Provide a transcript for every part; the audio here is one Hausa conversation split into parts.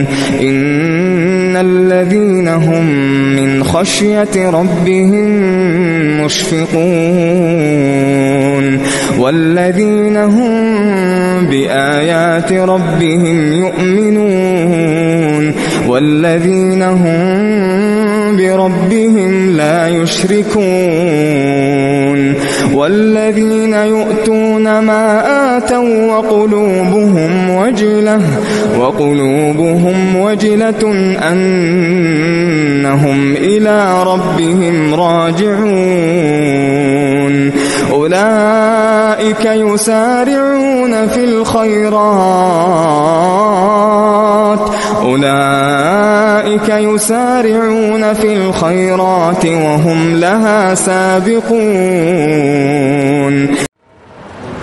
إن الذين هم من خشية ربهم مشفقون والذين هم بآيات ربهم يؤمنون والذين هم بربهم لا يشركون والذين يؤتون ما آتوا وقلوبهم وجلة وقلوبهم وجلة أنهم إلى ربهم راجعون أولئك يسارعون في الخيرات الخيرات أولئك يسارعون في الخيرات وهم لها سابقون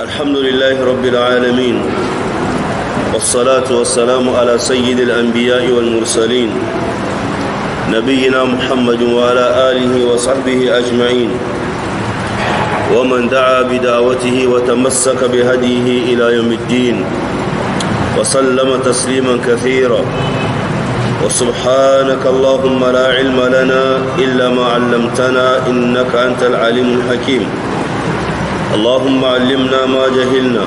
الحمد لله رب العالمين والصلاة والسلام على سيد الأنبياء والمرسلين نبينا محمد وعلى آله وصحبه أجمعين ومن دعا بدعوته وتمسك بهديه إلى يوم الدين وسلم تسليما كثيرا وسبحانك اللهم لا علم لنا إلا ما علمتنا إنك أنت العليم الحكيم اللهم علمنا ما جهلنا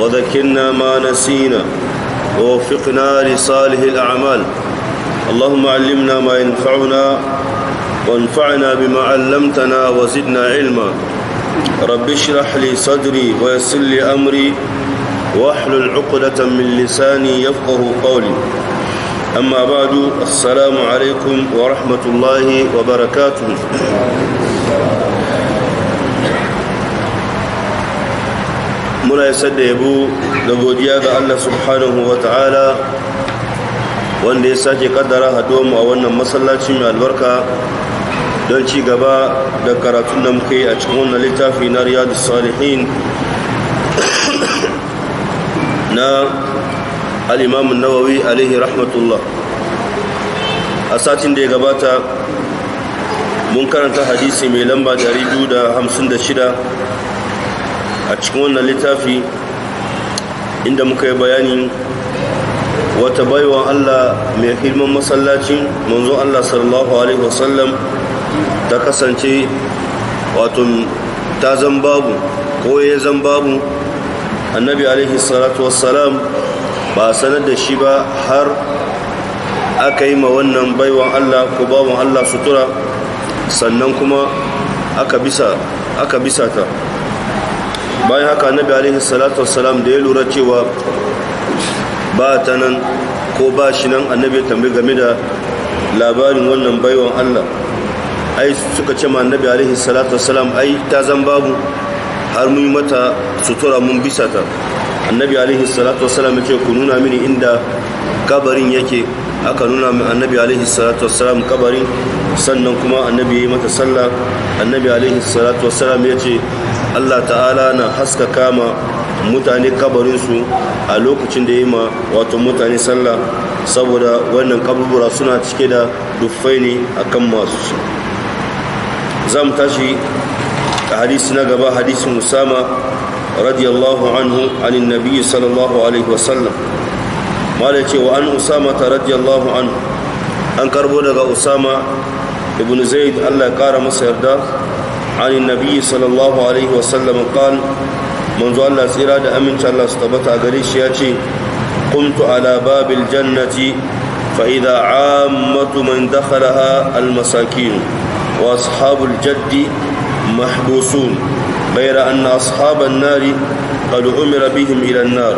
وذكرنا ما نسينا ووفقنا لصالح الأعمال اللهم علمنا ما ينفعنا وانفعنا بما علمتنا وزدنا علما رب اشرح لي صدري ويسر لي أمري واحلل عقدة من لساني يفقه قولي أما بعد السلام عليكم ورحمة الله وبركاته muna da sadda yabo da godiya ga Allah subhanahu wa ta'ala wanda ya sake kaddara mu a wannan masallaci mai albarka don ci gaba da karatun da muka yi a cikin wannan littafi na riyadu salihin na al'imamun nawawi alaihi rahmatullah a satin da ya gabata mun karanta hadisi mai lamba 256 a cikin wannan littafi inda muka yi bayani wata baiwa Allah mai hilman masallacin manzon Allah sallallahu alaihi wasallam ta kasance wato ta zan babu ko ya zan babu annabi alaihi salatu wassalam ba sanar da shi ba har aka yi ma wannan baiwan allah ko bawan allah sutura sannan kuma aka bisa ta bayan haka annabi alaihi salatu wassalam da ya lura cewa ba ta nan ko ba shi nan annabi ya tambayi game da labarin wannan baiwan allah ai suka ce ma annabi alaihi salatu wassalam ai ta zan babu har mun yi mata sutura mun bisa ta annabi alaihi salatu wasalam ya ce ku nuna mini inda kabarin yake aka nuna min annabi alaihi salatu wasalam kabarin sannan kuma annabi ya yi mata sallah annabi alaihi salatu wasalam ya ce allah ta'ala na haska kama mutane kabarinsu a lokacin da ya yi ma wato mutane sallah saboda wannan kabubura suna cike da duffai ne a kan masu za mu tashi a hadisi na gaba hadisin musama. رضي الله عنه عن النبي صلى الله عليه وسلم قال وعن أسامة رضي الله عنه أن كربو لغا أسامة ابن زيد الله قال مسير عن النبي صلى الله عليه وسلم قال منذ الله سيرا دا أمن شاء الله ستبتا قريش ياتي قمت على باب الجنة فإذا عامة من دخلها المساكين وأصحاب الجد محبوسون غير أن أصحاب النار قد أمر بهم إلى النار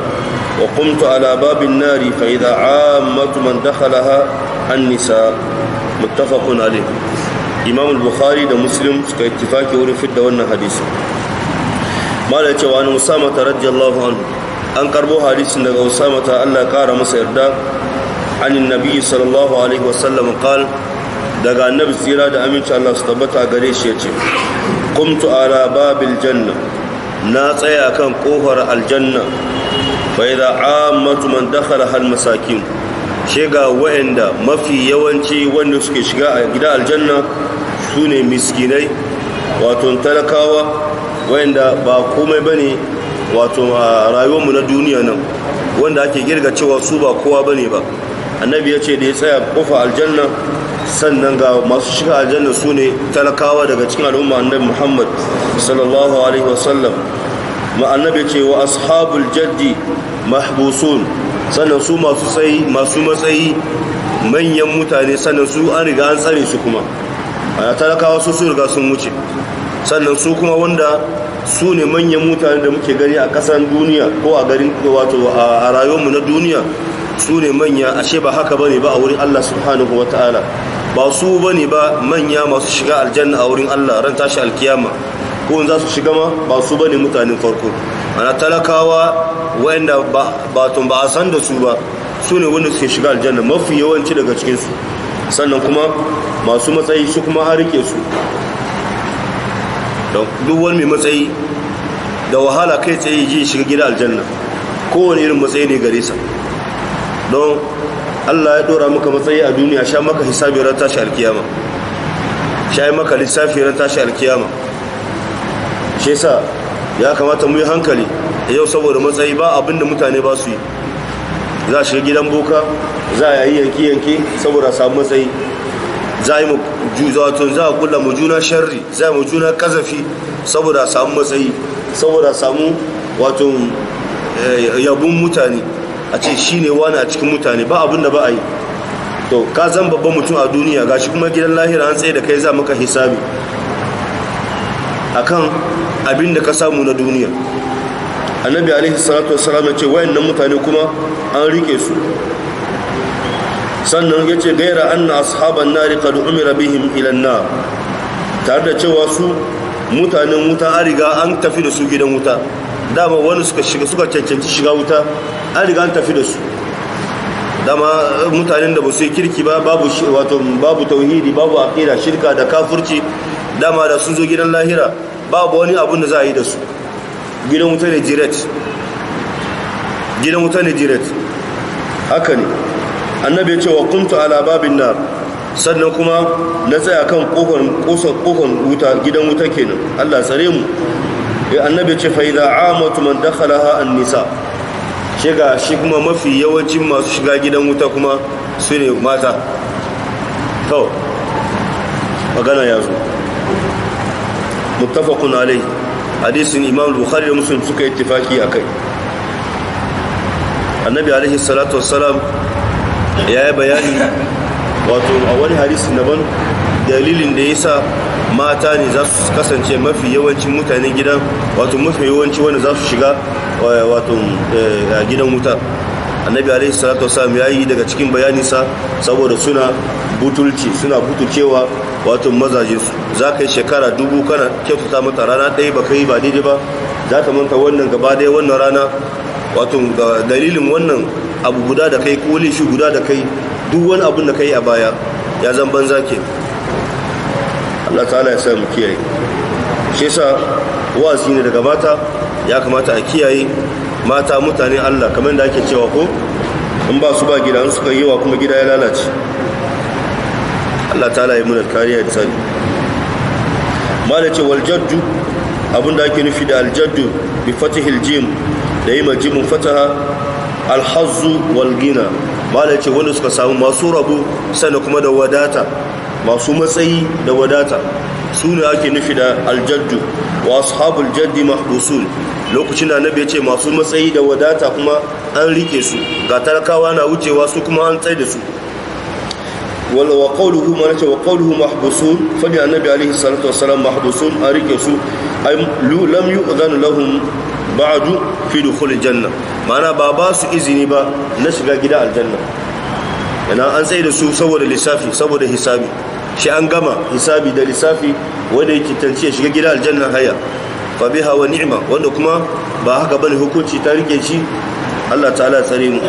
وقمت على باب النار فإذا عامة من دخلها النساء متفق عليه إمام البخاري ده مسلم كاتفاق ورفد دون حديث ما لا عن أسامة رضي الله عنه أن كربو حديث أن أسامة الله قال مسير عن النبي صلى الله عليه وسلم قال daga annabi tsira da aminci Allah su tabbata gare shi ya ce Kumtu ala babil janna na tsaya kan kofar aljanna fa idza ammatu man dakhala hal masakin she ga mafi yawanci wanda suke shiga a gida aljanna sune miskinai wato talakawa wa'anda ba komai bane wato a rayuwarmu na duniya nan wanda ake girga cewa su ba kowa bane ba annabi yace da ya tsaya kofa aljanna sannan ga masu shiga aljanna su ne talakawa daga cikin al'umma annabi muhammad sallallahu alaihi wasallam ma'annabi ce wa ashabul jaddi mahbusun sannan su masu tsayi masu matsayi manyan mutane sannan su an riga an tsare su kuma a talakawa su su riga sun wuce sannan su kuma wanda su ne manyan mutane da muke gani a kasan duniya ko a garin wato a rayuwarmu na duniya su ne manya ashe ba haka bane ba a wurin Allah subhanahu wataala ba su ba ne ba manya masu shiga aljanna a wurin Allah ran tashi alkiyama ko za su shiga ma ba su bane mutanen farko ana talakawa wanda ba tun ba a san da su ba su ne wanda suke shiga aljanna mafi yawanci daga cikin su sannan kuma masu matsayi su kuma har rike su duk wani mai matsayi da wahala kai tsaye ji shiga gida aljanna kowane irin matsayi ne gare sa don Allah ya dora maka matsayi a duniya sha maka hisabi ran tashi alkiyama sha maka lissafi ran tashi alkiyama shi sa ya kamata mu yi hankali yau saboda matsayi ba abinda mutane ba su yi za a shiga gidan boka za a yi yanki-yanki saboda samu matsayi za a kulla mu juna sharri za a mu juna kazafi saboda samu matsayi saboda samu wato eh, yabun mutane a ce shi ne wani a cikin mutane ba abin da ba a yi to ka zan babban mutum a duniya gashi kuma gidan lahira an tsaye da kai za maka hisabi kan abin da ka samu na duniya annabi alaihi salatu ya ce wayannan mutane kuma an rike su sannan ya ce gaira na ashaban rika da umira bihim ilan na tare da cewa su mutanen wuta an riga an tafi da su gidan wuta dama wani suka shiga suka cancanci shiga wuta an riga an tafi da su dama eh, mutanen da ba su yi kirki ba babu wato babu tauhidi babu aqida shirka da kafurci dama da sun zo gidan lahira babu wani abun da za a yi da su gidan wuta ne jiret gidan wuta ne jiret haka ne annabi ya ce wa kuntu ala babin nar sannan kuma na tsaya kan kofar kofar wuta gidan wuta kenan Allah tsare mu eh, annabi ya ce fa idza amatu man dakhalaha an-nisa' shiga shi kuma mafi yawancin masu shiga gidan wuta kuma su ne mata to magana ya zo muttafaqun alai hadisin imam bukhari da muslim suka ittifaki akai annabi alaihi salatu wassalam ya yi bayani wato a wani hadisi daban dalilin da ya sa mata ne za su kasance mafi yawancin mutanen gidan wato mafi yawanci wani za su shiga Eh, wato eh, gidan wuta annabi alaihi salatu ya yi daga cikin sa saboda suna butulci suna butulcewa wato mazaje su za ka yi shekara dubu kana kyautata mata rana ɗaya ba ka yi ba daidai ba za ka manta wannan gaba ɗaya wannan rana wato dalilin wannan abu guda da kai koli shi guda da kai duk wani abun da kai a baya ya zan banza ke Allah ta'ala ya sa mu kiyaye shi yasa wa'azi ne daga mata ya kamata a kiyaye mata mutane allah kamar da ake cewa ko in ba su ba gida su kan yi wa kuma gida ya lalace allah ta laye munar kariya da tsari ma da ce waljaddu abinda ake nufi da aljaddu bi fatihil jim da yi majimin fataha alhazzu walgina da ce wanda suka samu masu rabu sannan kuma da wadata masu matsayi da wadata su ne ake nufi da aljaddu wa ashabul jaddi mahbusun lokacin da annabi ya ce masu matsayi da wadata kuma an rike su ga talakawa na wucewa su kuma an tsaye da su wala wa qawluhu ma nace wa qawluhu mahbusun ni annabi alaihi salatu wassalam mahbusun an rike su ay lam yu'dhanu lahum ba'du fi dukhulil janna mana ba ba su izini ba na shiga gida aljanna yana an tsaye da su saboda lissafi saboda hisabi shi an gama hisabi da lissafi wanda yake tance shiga gida aljanna haya fa biha wa ni'ma wanda kuma ba haka bane hukunci ta rike shi Allah ta'ala tsare mu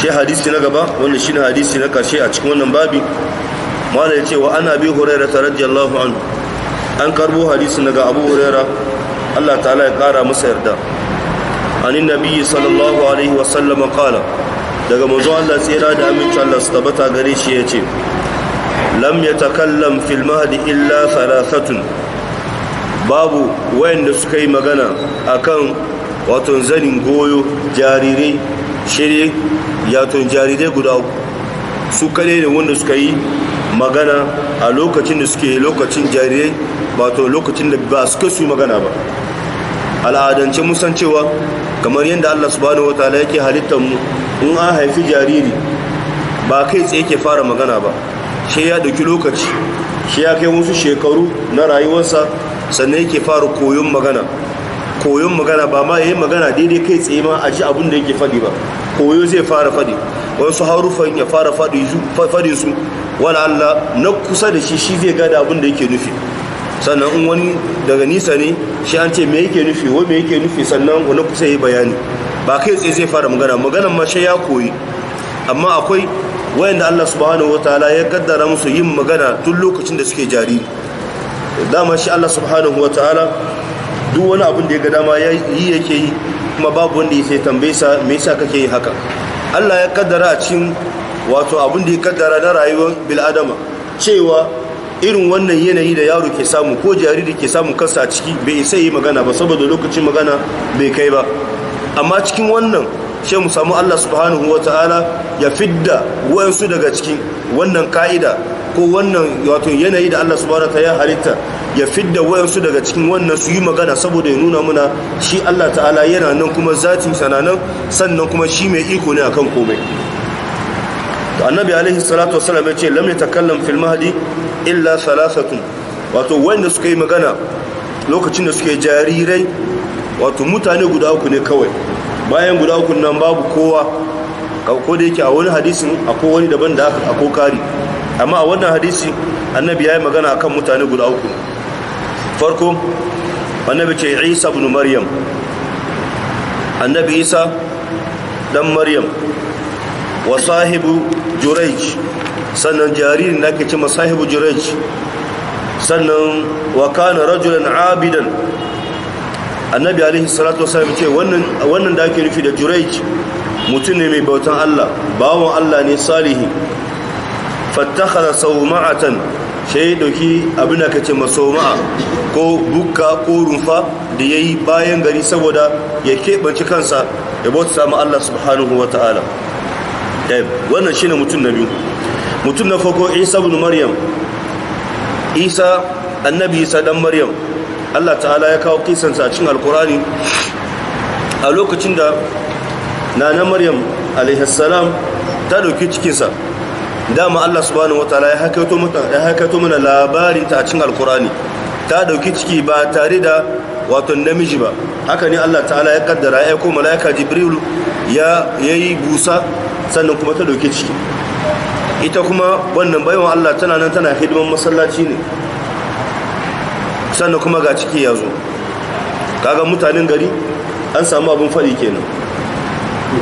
shi hadisi na gaba wanda shine hadisi na karshe a cikin wannan babi mala yace wa ana bi hurairah radiyallahu anhu an karbo hadisi daga abu hurairah Allah ta'ala ya kara masa yarda عن النبي صلى الله عليه وسلم قال daga manzo Allah tsira da aminci Allah su tabbata gare shi yace lam yatakallam fil mahdi illa thalathatun babu wayanda suka yi magana akan wato zanin goyo jarirai shirye yaton jarirai guda su kare ne wanda suka yi magana a lokacin da suke lokacin jarirai wato lokacin da ba suka su magana ba al'adance musan cewa kamar yadda allah subhanahu wa yake halittar mu in an haifi jariri ba kai tsaye ke fara magana ba shi ya ɗauki lokaci shi ya kai wasu shekaru na rayuwarsa sannan yake fara koyon magana koyon magana ba ma yayin magana daidai kai tsaye ma a ji abin da yake faɗi ba koyo zai fara faɗi wasu harufan ya fara faɗi su wala Allah na kusa da shi shi zai gada abin da yake nufi sannan in wani daga nisa ne shi an ce me yake nufi wa me yake nufi sannan wani kusa yi bayani ba kai tsaye zai fara magana maganan masha ya koyi amma akwai wayanda Allah subhanahu wataala ya kaddara musu yin magana tun lokacin da suke jariri dama shi Allah subhanahu wataala duk wani abin da ya ga dama yi yake yi kuma babu wanda ya sai tambaye sa me yasa kake yi haka Allah ya kaddara a cikin wato abin da ya kaddara na rayuwar bil'adama cewa irin wannan yanayi da yaro ke samu ko jariri ke samu kansa a ciki bai isa yi magana ba saboda lokacin magana bai kai ba amma cikin wannan shi mu samu Allah subhanahu wa ta'ala ya fidda wayansu daga cikin wannan ka'ida ko wannan wato yanayi da Allah subhanahu wa ta'ala ya halitta ya fidda wayansu daga cikin wannan su yi magana saboda ya nuna muna shi Allah ta'ala yana nan kuma zati sananan sannan kuma shi mai iko ne akan komai to annabi alaihi salatu wasallam ya ce lam yatakallam fil mahdi illa thalathatun wato wanda suka yi magana lokacin da suke jarirai wato mutane guda uku ne kawai bayan guda uku nan babu kowa ko da yake a wani hadisin akwai wani daban da aka kari amma a wannan hadisi annabi ya yi magana a kan mutane guda uku farko annabi ce isa bin maryam annabi isa dan maryam wa sahibu jurej sannan jaririn da ake ce ma sahibu jurayj sannan wa kana rajulan abidan annabi alaihi salatu wasallam ce wannan wannan da ake nufi da juraij mutum ne mai bautan Allah bawon Allah ne salihi fattakhadha sawma'atan sai dauki abin da kace masawma'a ko bukka ko rumfa da yayi bayan gari saboda ya kebanci kansa ya bauta samu Allah subhanahu wataala wannan shine mutum na biyu mutum na farko Isa ibn Maryam Isa annabi Isa dan Maryam Allah ta'ala ya kawo kisansa a cin alkurani a lokacin da nana maryam alaihassalam ta dauki cikinsa dama Allah subhanahu wataala ya ya haikato mana labarin ta a alkurani ta dauki ciki ba tare da wato namiji ba haka ne Allah ta'ala ya kaddara ya ko malaika jibril ya yayi busa sannan kuma ta dauki ciki ita kuma wannan baiwa Allah tana nan tana hidiman masallaci ne sannan kuma ga ciki ya zo kaga mutanen gari an samu abin faɗi kenan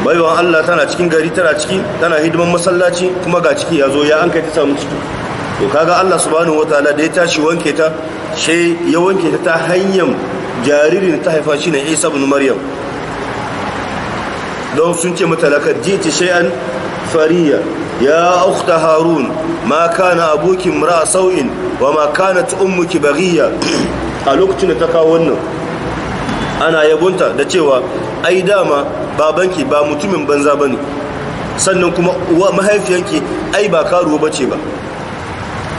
baiwan allah tana cikin gari tana ciki tana hidiman masallaci kuma ga ciki ya zo ya an kai ta samu ciki to kaga allah subhanahu wataala da ya tashi wanke ta sai ya wanke ta ta hanyar jaririn ta haifa shi ne isa ibn maryam don sun ce mata lakar jiti shay'an fariya ya ukhta harun ma kana abuki mra sau'in wa ma kanat ummuki baghiya a lokacin da ta kawo wannan ana yabonta da cewa ai dama babanki ba mutumin banza bane sannan kuma mahaifiyarki ai ba karuwa bace ba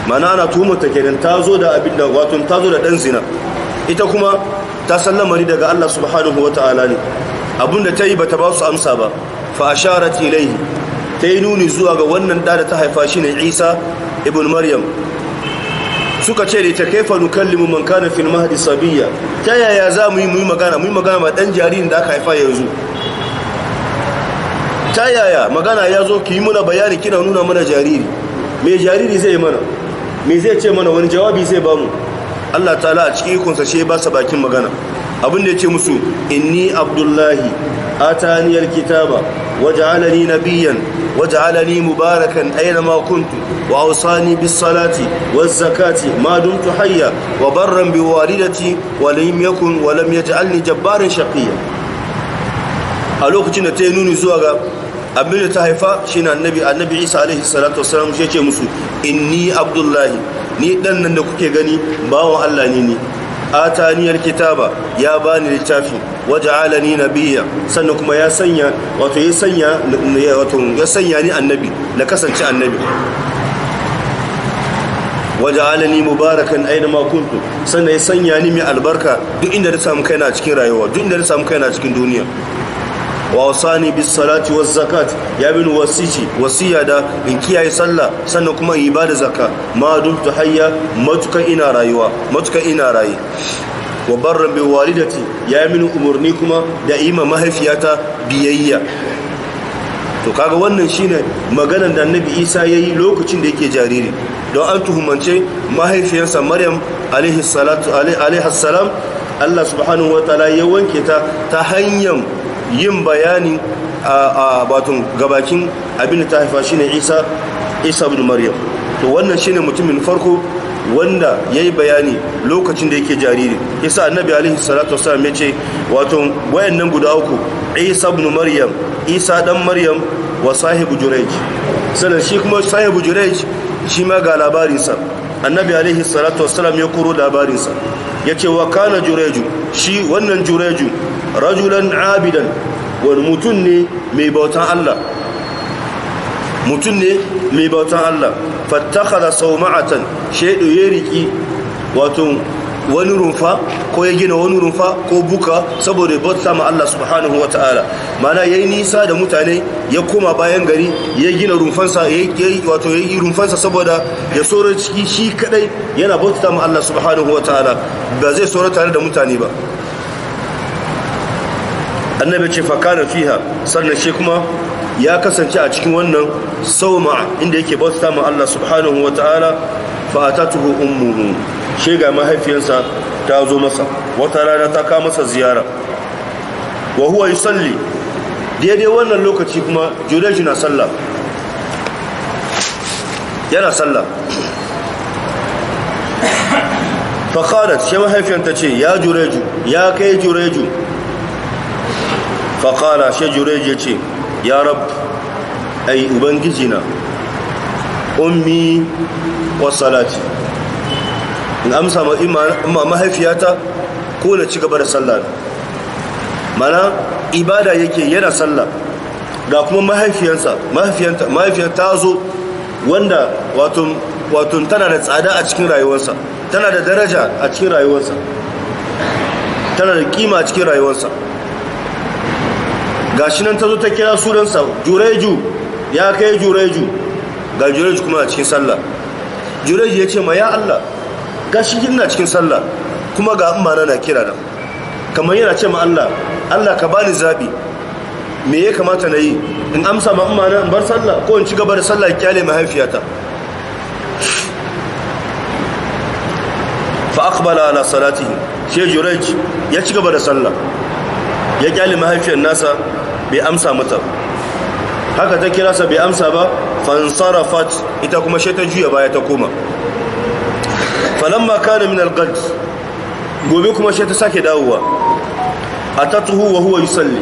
mana ana tuhumta kenan ta zo da abin da wato ta zo da dan zina ita kuma ta lamari daga Allah subhanahu wataala ne abinda ta yi bata ba su amsa ba fa asharat ilayhi ta yi nuni zuwa ga wannan da ta haifa shi ne isa ibn maryam suka ce da ta kaifa nukallimu man kana fil mahdi sabiya ta yaya za mu yi mu yi magana mu yi magana ma dan jaririn da aka haifa yanzu ta yaya magana ya zo ki yi muna bayani kina nuna mana jariri me jariri zai mana me zai ce mana wani jawabi zai bamu Allah ta'ala a cikin ikonsa shi ba sa bakin magana abin da ya ce musu inni abdullahi ataniyar kitaba waje na biyan. waj'alani mubarakan aynama kuntu wa awsani bis salati waz zakati ma dumtu hayya wa barran bi walidati wa lam yakun wa lam yaj'alni jabbaran shaqiyyan a lokacin da ta yi nuni zuwa ga abin da ta haifa shi ne annabi annabi isa alaihi salatu wasalam shi ce musu inni abdullahi ni ɗan nan da kuke gani bawon allah ni ne ataniyar kitaba ya bani littafi waja'alani nabiyya sannan kuma ya sanya wato ya sanya wato ya sanya ni annabi na kasance annabi waja'alani mubarakan aina ma kuntu sannan ya sanya ni mai albarka duk inda na samu kaina a cikin rayuwa duk inda na samu kaina a cikin duniya wa wasani bis salati waz zakat ya bin wasici wasiya da in kiyaye sallah sannan kuma in ibada zakka ma dumtu hayya matuka ina rayuwa matuka ina rayi wa barra bi walidati ya min umurni kuma da ima mahaifiyata biyayya to kaga wannan shine maganar da annabi Isa yayi lokacin da yake jariri don an tuhumance mahaifiyarsa Maryam alaihi salatu alaihi assalam Allah subhanahu ta'ala ya wanke ta ta hanyar yin bayani a batun gabakin abin da ta haifa shine isa isa bin maryam to wannan shine mutumin farko wanda ya yi bayani lokacin da yake jariri isa annabi alaihi salatu wasallam ya ce wato wayannan guda uku isa maryam isa dan maryam wa sahibu jurayj sannan shi kuma sahibu jurayj shi ma ga labarinsa annabi alaihi salatu wasallam ya koro labarinsa ya ce wa kana jureju shi wannan jureju rajulan abidan wani mutum ne mai bautan Allah mutum ne mai bautan Allah fattakala sau ma'atan shaidu ya riki wato wani rumfa ko ya gina wani rumfa ko buka saboda bauta ma Allah subhanahu ta'ala mana yayi nisa da mutane ya koma bayan gari ya gina rumfansa ya yi wato ya yi rumfansa saboda ya soro ciki shi kadai yana bauta ma Allah subhanahu ta'ala ba zai soro tare da mutane ba annabi ce fa kana fiha sannan shi kuma ya kasance a cikin wannan sauma inda yake bauta ma Allah subhanahu ta'ala fa atatuhu ummuhu shi ga mahaifiyarsa ta zo masa wata rana ta kama masa ziyara wa huwa yusalli daidai wannan lokaci kuma jureji na sallah yana sallah faqalat shi mahaifiyar ta ce ya jureju ya kai jureju Fakada shi jureju ya ce ya rab ai ubangijina ummi wa salati in amsa ma mahaifiyata ko na ci gaba da sallah mana ibada yake yana sallah ga kuma mahaifiyarsa mahaifiyar ta zo wanda wato tana da tsada a cikin rayuwarsa tana da daraja a cikin rayuwarsa tana da kima a cikin rayuwarsa ga shi nan ta zo ta kira sunansa jureju ya kai jureju ga jureju kuma a cikin sallah jureju ya ce ma ya allah gashi ina cikin sallah kuma ga amma na kira da kamar yana ce ma Allah Allah ka bani zabi me ya kamata na yi in amsa ma amma na bar sallah ko in ci gaba da sallah kyale mahaifiyata fa aqbala ala salatihi shi jurayj ya ci gaba da sallah ya kyale mahaifiyar nasa bai amsa mata haka ta kira sa bai amsa ba fansarafat ita kuma shi ta juya baya ta koma falamma kana min al gobe kuma shi ta sake dawowa atatuhu wa huwa yusalli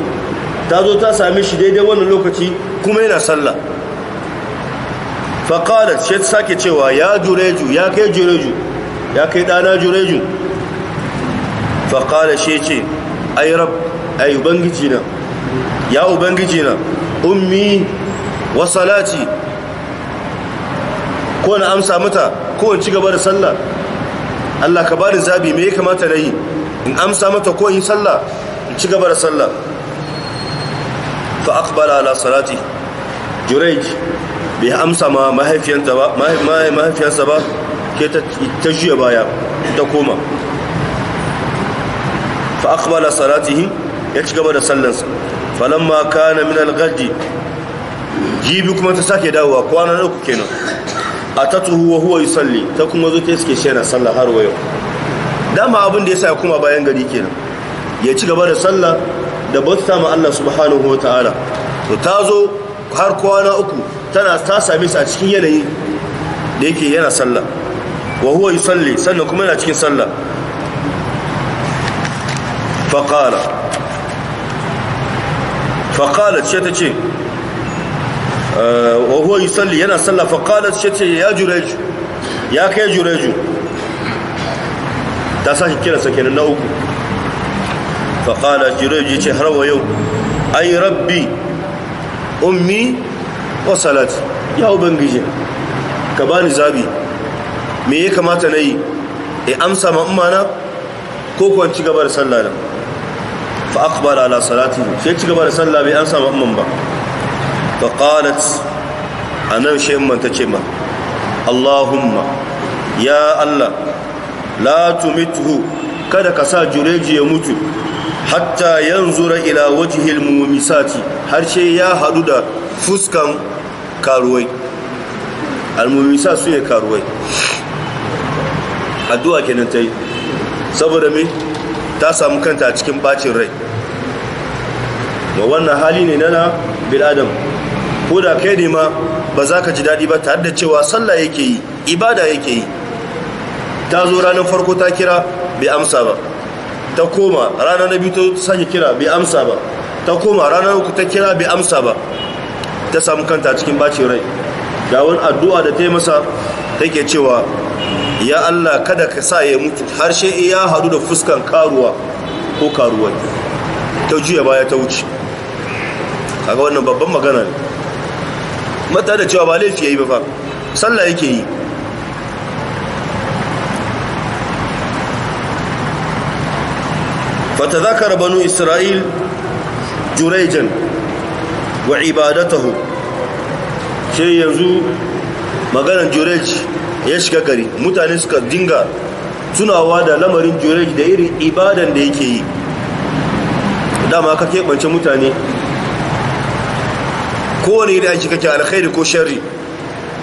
ta zo ta same shi daidai wannan lokaci kuma yana sallah faƙalat shi ta sake cewa ya jureju ya kai jureju ya kai ɗana jureju faƙalat shi ce ai rab ai ubangiji na ya ubangiji na ummi wa salati ko na amsa mata ko ci gaba da sallah Allah ka bani zabi me ya kamata na yi in amsa mata ko in sallah in ci gaba da sallah fa aqbala ala salati jurayj bai amsa ma mahaifiyarsa ba mahaifiyarsa ba ke ta juya baya ta koma fa aqbala salatihi ya ci gaba da sallansa falamma kana min al-ghadi jibi kuma ta sake dawowa kwana uku kenan a atatuhu wa huwa yusalli ta kuma zo ta suke shera sallah har wayo dama abin da yasa ya kuma bayan gari kenan ya ci gaba da sallah da bauta ma Allah subhanahu wataala to ta zo har kwana uku tana ta same su a cikin yanayi da yake yana sallah wa huwa yusalli sannan kuma yana cikin sallah fakala faqala ce ta ce Eh, wa huwa yusalli yana sallah fa qalat shati ya jurayju ya kai jurayju ta saki kira sa kenan na uku fa qala jurayju ce har wa yau ay rabbi ummi wa salati ya ubangiji ka bani zabi me ya kamata na yi ya umma na ko kuwa ci gaba da sallah nan fa akbara ala salati sai ci gaba da sallah bai amsa ma ma'amman ba فقالت أنا شيء من تجمع اللهم يا الله لا تمته kada ka sa jureji ya mutu hatta yanzura ila wajhil mumisati har sai ya hadu da fuskan karuwai almumisa su ne karuwai addu'a kenan ta yi saboda me ta samu kanta a cikin bacin rai ma wannan hali ne nana bil adam ko da kai ne ma ba za ka ji daɗi ba tare da cewa sallah yake yi ibada yake yi ta zo ranar farko ta kira bai amsa ba ta koma ranar na biyu ta sake kira bai amsa ba ta koma ranar uku ta kira bai amsa ba ta samu kanta cikin bacin rai da wani addu'a da ta yi masa take cewa ya Allah kada ka sa ya mutu har sai ya haɗu da fuskan karuwa ko karuwa ta juya baya ta wuce kaga wannan babban magana ne mata da cewa ba laifi ya yi ba ba sallah yake yi fata zakar banu isra'il jurejan wa ibadatahu shi yanzu maganan jurej ya shiga gari mutane suka dinga tunawa da lamarin jurej da irin ibadan da yake yi dama ka keɓance mutane kowane iri aiki kake alkhairi ko sharri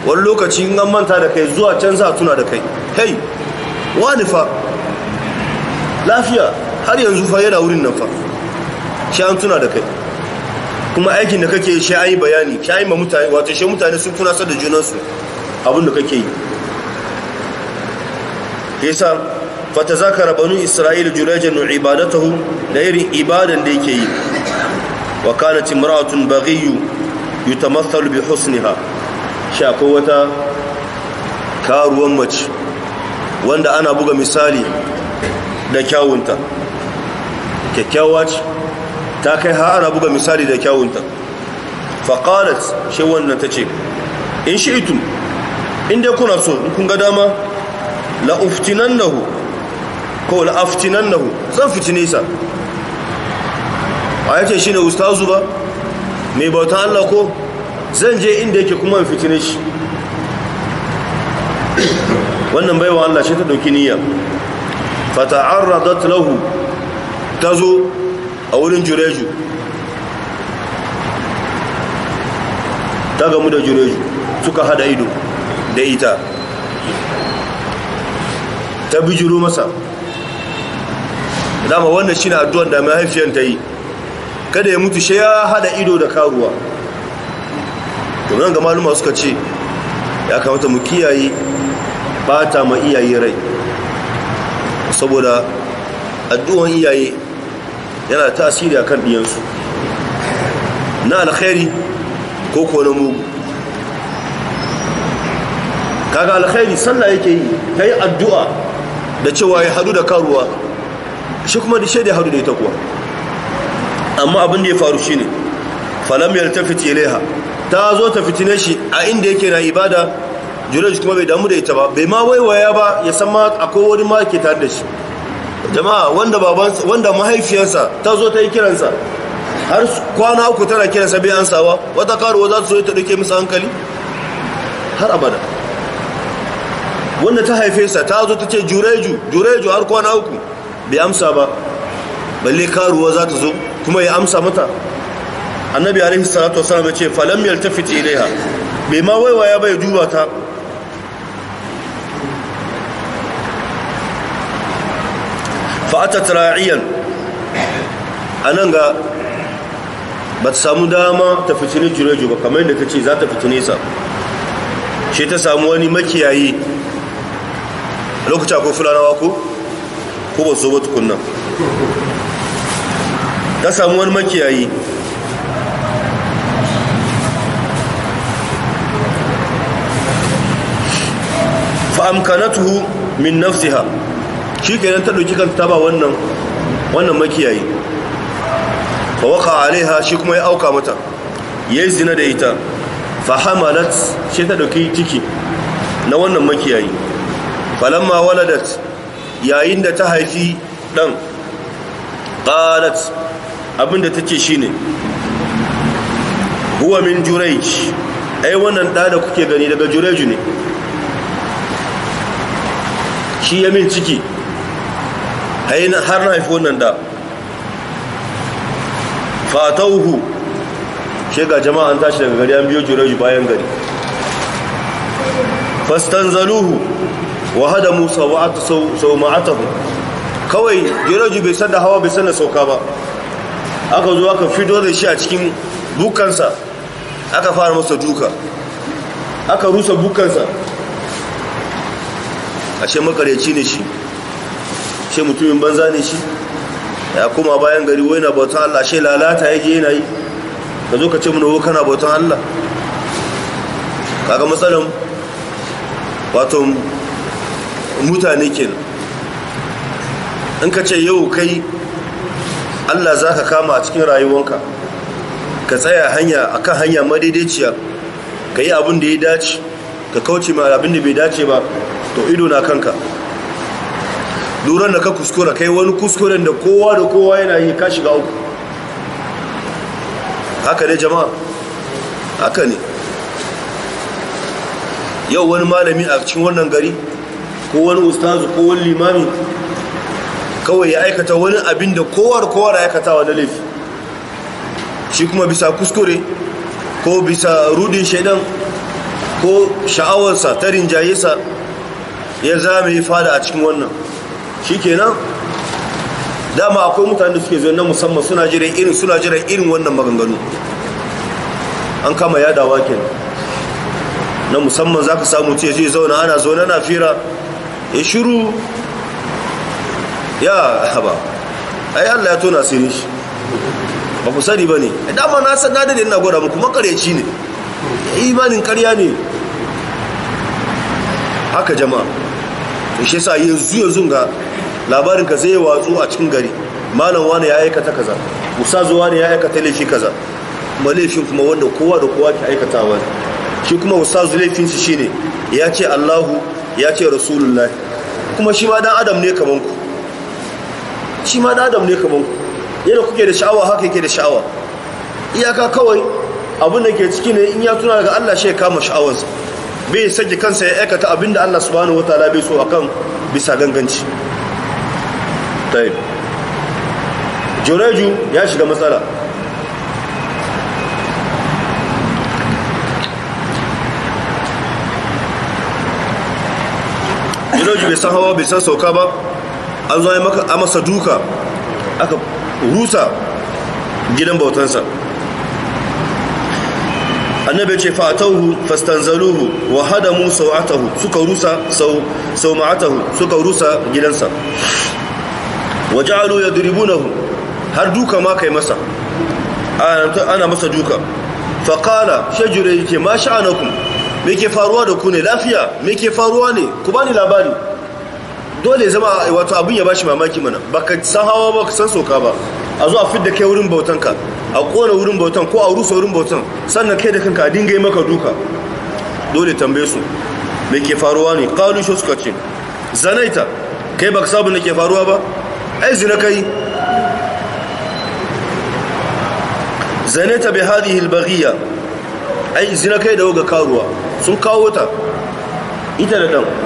wani lokaci in an manta da kai zuwa can za tuna da kai hey wani fa lafiya har yanzu fa yana wurin nan fa shi an tuna da kai kuma aikin da kake shi ayi bayani shi ayi ma mutane wato shi mutane sun tuna da junansu abin da kake yi yasa fata za zakara banu isra'ila julajan ibadatahu da irin ibadan da yake yi wa kanat imra'atun baghiyu yutamathalu bi husniha shi ko wata karuwan mace wanda ana buga misali da kyawunta kyakkyawa ce ta kai ha ana buga misali da kyawunta faƙalat shi wannan ta ce in shi itum inda kuna so in kun ga dama la nahu ko la'aftinan nahu zan fitine sa a yake shi ne ustazu ba mai bauta Allah ko zan je inda yake kuma in fitine shi wannan baiwa Allah shi ta dauki niyya fata'arradat lahu tazo a wurin jureju ta gamu da jureju suka hada ido da ita ta bijiro masa dama wannan ne addu'ar da mahaifiyar ta yi kada ya mutu shi ya hada ido da karuwa domin ga maluma suka ce ya kamata mu kiyaye bata ma iyaye rai saboda addu'an iyaye yana tasiri akan diyansu na alkhairi ko ko na mugu kaga alkhairi sallah yake yi kai addu'a da cewa ya hadu da karuwa shi kuma da shede hadu da ita kuwa amma abin da ya faru shine falam yaltafit ilaiha ta zo ta fitine shi a inda yake na ibada jurej kuma bai damu da ita ba bai ma waiwaya ba ya san ma akwai wani ma ke tare da shi jama'a wanda baban wanda mahaifiyarsa ta zo ta yi kiransa har kwana uku tana kiransa bai ansawa wata karuwa za su zo ta dauke musu hankali har abada wanda ta haife sa ta zo ta ce jureju jureju har kwana uku bai amsa ba balle karuwa za ta zo kuma ya amsa mata annabi alaihi salatu wasallam ya ce falam yaltafit ilaiha bai ma ya bai duba ta fa'atat ra'iyan anan ga ba ta samu dama ta fitini jurejo ba kamar yadda ta ce za ta fitine sa shi ta samu wani makiyayi lokacin ko fulanawa ko ko ba su zo ba tukunna ka samu wani makiyayi fa'amkanatuhu min nafsiha shi kenan ta ɗauki ta ba wannan wannan makiyayi fa waka alaiha shi kuma ya auka mata ya yi zina da ita fa hamalat shi ta ɗauki ciki na wannan makiyayi falamma waladat yayin da ta haifi ɗan ƙalat abinda ta ce shi huwa min jurej ai wannan ɗa da kuke gani daga jureju ne shi ya min ciki har na haifi wannan da fatauhu shi ga jama'a an tashi daga gari an biyo jureju bayan gari fastanzaluhu wa hada musa wa'atu sau ma'atahu kawai jureju bai san da hawa bai san da sauka ba aka zo aka fito da shi a cikin bukansa aka fara masa duka aka rusa bukansa ashe makaryaci ne shi shi mutumin banza ne shi ya kuma bayan gari wai na bautan Allah shi lalata yake yana yi ka zo ka ce mana kana bautan Allah kaga matsalan wato mutane kenan in ka ce yau kai Allah za ka kama a cikin rayuwanka ka tsaya hanya a kan hanya madaidaiciya ka yi abin da ya dace ka kauce ma abin da bai dace ba to ido na kanka duran da ka kuskura kai wani kuskuren da kowa da kowa yana yi ka shiga uku haka ne jama'a haka ne yau wani malami a cikin wannan gari ko wani ustazu ko wani limami kawai ya aikata wani abin da kowar kowar aikatawa na laifi shi kuma bisa kuskure ko bisa rudin shaidan ko sha'awarsa ta rinjayesa ya zama yi fada a cikin wannan shi kenan dama akwai mutane da suke na musamman suna jiran irin suna jiran irin wannan maganganu an kama yadawa ke na musamman za ka samu ce zai zauna ana zaune na fira ya shiru ya haba ai Allah ya tona asirin shi ba ku sani ba ne dama na san nadar ina gwada muku makareci ne imanin karya ne haka jama'a shi sa yanzu yanzu ga labarin ka zai watsu a cikin gari malam wani ya aikata kaza musa zuwa ne ya aikata laifi kaza kuma laifin kuma wanda kowa da kowa ke aikata wani shi kuma musa zu laifin shi shine ya ce Allahu ya ce Rasulullahi kuma shi ma dan adam ne kaman ku shi ma adam ne ka ku yadda kuke da sha'awa haka yake da sha'awa iyaka kawai abin da ke ciki ne in ya tuna daga Allah shi ya kama sha'awarsa bai sake kansa ya aikata abin da Allah subhanahu wataala bai so akan bisa ganganci tayyib jureju ya shiga matsala jureju bai san hawa bai san sauka ba an zo a masa duka aka rusa gidan bautansa annabi ce fatahu fastanzaluhu wa hadamu sau'atahu suka rusa sauma'atahu suka rusa gidansa wa ja'alu yadribunahu har duka ma kai masa ana masa duka faqala shajure yake ma sha'anakum me ke faruwa da ku ne lafiya me ke faruwa ne ku bani labari dole zama wato abin ya bashi mamaki mana baka san hawa ba ka san soka ba a zo a fidda kai wurin bautan ka a kona wurin bautan ko a rusa wurin bautan sannan kai da kanka a dinga yi maka duka dole tambaye su me ke faruwa ne kalu shi suka ce zanaita kai baka sabu na ke faruwa ba ai zina kai zanaita bi hadhihi al ai zina kai da ga karuwa sun kawo ta ita da dan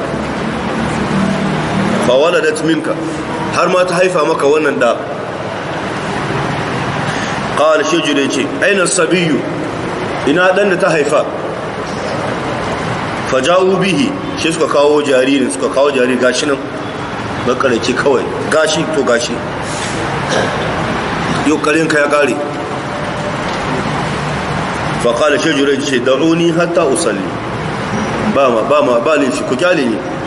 fawaladat minka har ma ta haifa maka wannan da qala shujure ce aina sabiyu ina dan da ta haifa faja'u bihi shi suka kawo jaririn suka kawo jariri gashi nan makarake kawai gashi to gashi yau ka ya kare qala shujure ce da'uni hatta usalli ba ma ba ma ba ne shi ku kyale ne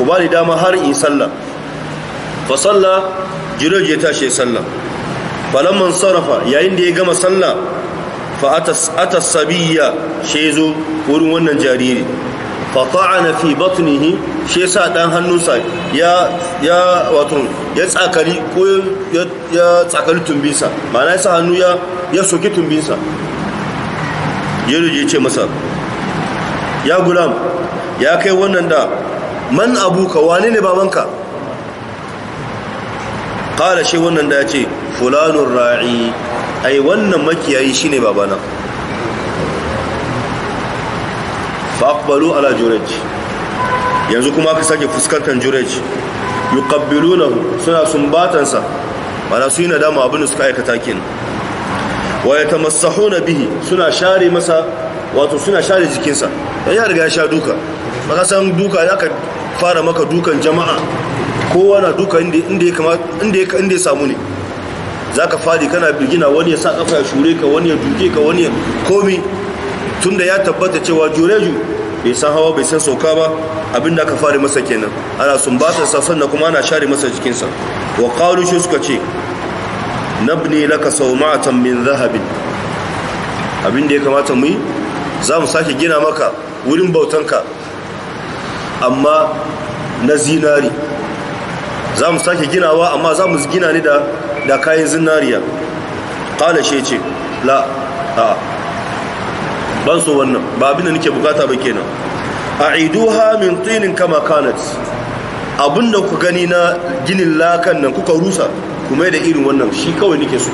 ku ba ni dama har in sallah fa sallah jirar ya tashi salla sallah man sarafa yayin da ya gama sallah fa atas sabiya shi zo wurin wannan jariri fa ta'ana fi batnihi shi sa dan hannunsa ya ya wato ya tsakari ko ya tsakari tumbinsa ma'ana ya sa hannu ya ya soki tumbinsa ya ce masa ya gulam ya kai wannan da man abuka wani ne babanka kala shi wannan da ya ce fulanun ra'i ai wannan makiyayi shi ne babana faƙbalu ala jurej yanzu kuma aka sake fuskantar jurej yi na suna sumbatansa mana su yi nadama abin da suka aikata kin wa ta tamassahu na bihi suna share masa wato suna share jikinsa don ya riga ya sha duka san duka ya ka fara maka dukan jama'a kowa na duka inda ya samu ne za ka fari kana birgina wani ya sa kafa ya shure ka wani ya duke ka wani ya komi tun da ya tabbata cewa jureju bai san hawa bai san sauka ba abinda aka fari masa kenan ana ta sassan na kuma ana share masa cikinsa wa kawo shi suka ce nabni laka ma'atan min zahabin abinda ya kamata mu yi za mu sake gina maka wurin bautanka amma na zinari za mu sake ginawa amma za mu gina ne da kayan zinariya ƙala shi ce la a ban so wannan ba abin da nake bukata ba kenan a iduha min tinin kama kanat abin da ku gani na ginin lakan nan kuka rusa kuma da irin wannan shi kawai nake so